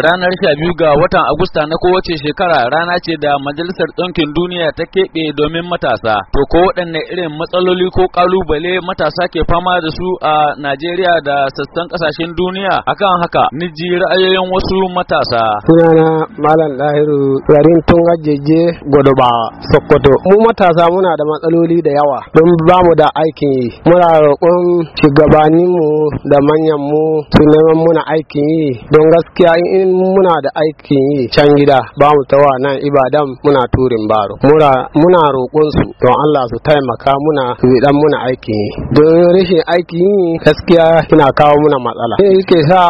Ranar sha biyu ga watan Agusta na kowace shekara rana ce da Majalisar Ɗinkin Duniya ta keɓe domin matasa. To ko waɗanne irin matsaloli ko ƙalubale matasa ke fama da su a Najeriya da sassan ƙasashen duniya akan haka niji ra'ayoyin wasu matasa. Sunana Malam Lahiru Yarin Tunga Jeje Godoba Sokoto. Mu matasa muna da matsaloli da yawa don ba mu da aikin yi. Muna roƙon shugabanninmu da manyanmu su neman muna aikin yi don gaskiya in in muna da aikin yi can gida ba mu tawa nan ibadan muna turin baro muna roƙon su don Allah su taimaka muna su dan muna aikin yi don rashin aikin yi gaskiya kina kawo muna matsala ne yake sa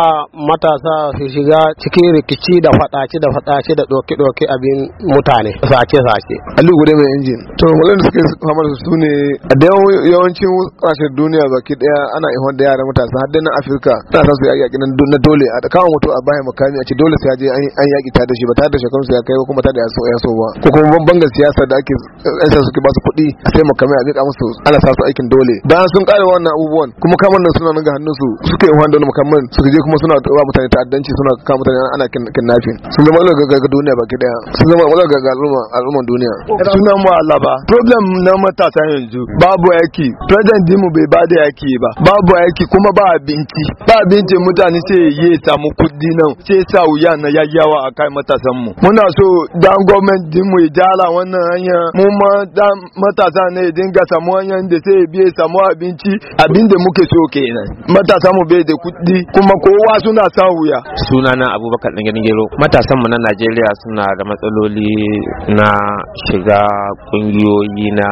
matasa su shiga cikin rikici da faɗace da faɗace da ɗoke ɗoke abin mutane sace sace Ali gude mai injin to mulan da suke fama su sune a da yawancin ƙasashen duniya baki daya ana ihon da yara matasa har da Afirka ta san su yaƙi na dole a kawo mutu a bayan makami a ce dole sai ya je an yaki ta da shi ba ta da shekarun ya kai kuma ta da yaso so ba ko kuma bangar siyasa da ake aisa suke ba su kuɗi a sai makamai a rika musu ana sa su aikin dole bayan sun kare wannan abubuwan kuma kamar nan suna nan ga hannun su suke yi wanda makamman su je kuma suna ba mutane ta'addanci suna kama mutane ana kidnapping sun zama ga ga duniya baki daya sun zama ga ga al'umman duniya sunan mu Allah ba problem na matasa yanzu babu aiki president dimu bai ba da yaki ba babu aiki kuma ba abinci ba abinci mutane sai ya samu kuɗi nan sai sa wuya na yayyawa a kai matasan mu muna so dan gwamnati din mu jala wannan hanya mu ma dan matasa ne dinga samu hanya da sai biye samu abinci abin da muke so kenan matasa mu bai da kuɗi kuma kowa suna sa wuya Suna na abubakar dan gero matasan mu na Najeriya suna da matsaloli na shiga kungiyoyi na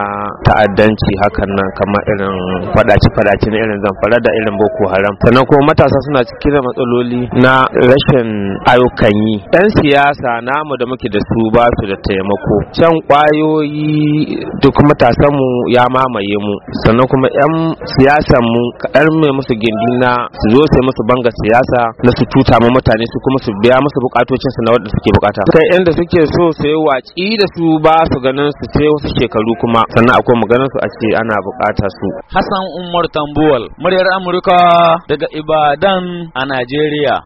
ta'addanci hakan nan kamar irin fadaci-fadaci na irin zamfara da irin boko haram sannan kuma matasa suna cikin matsaloli na rashin ayyukan yi yan siyasa namu da muke da su ba su da taimako can kwayoyi duk matasan mu ya mamaye mu sannan kuma yan siyasan mu kaɗan mai musu gindina na su zo sai musu banga siyasa na su tuta mu mutane su kuma su biya musu bukatocin su na wanda suke bukata kai da suke so sai waci da su ba su ganin su sai wasu shekaru kuma sannan akwai maganar su a ce ana bukata su Hassan Umar Tambuwal muryar Amurka daga Ibadan a Najeriya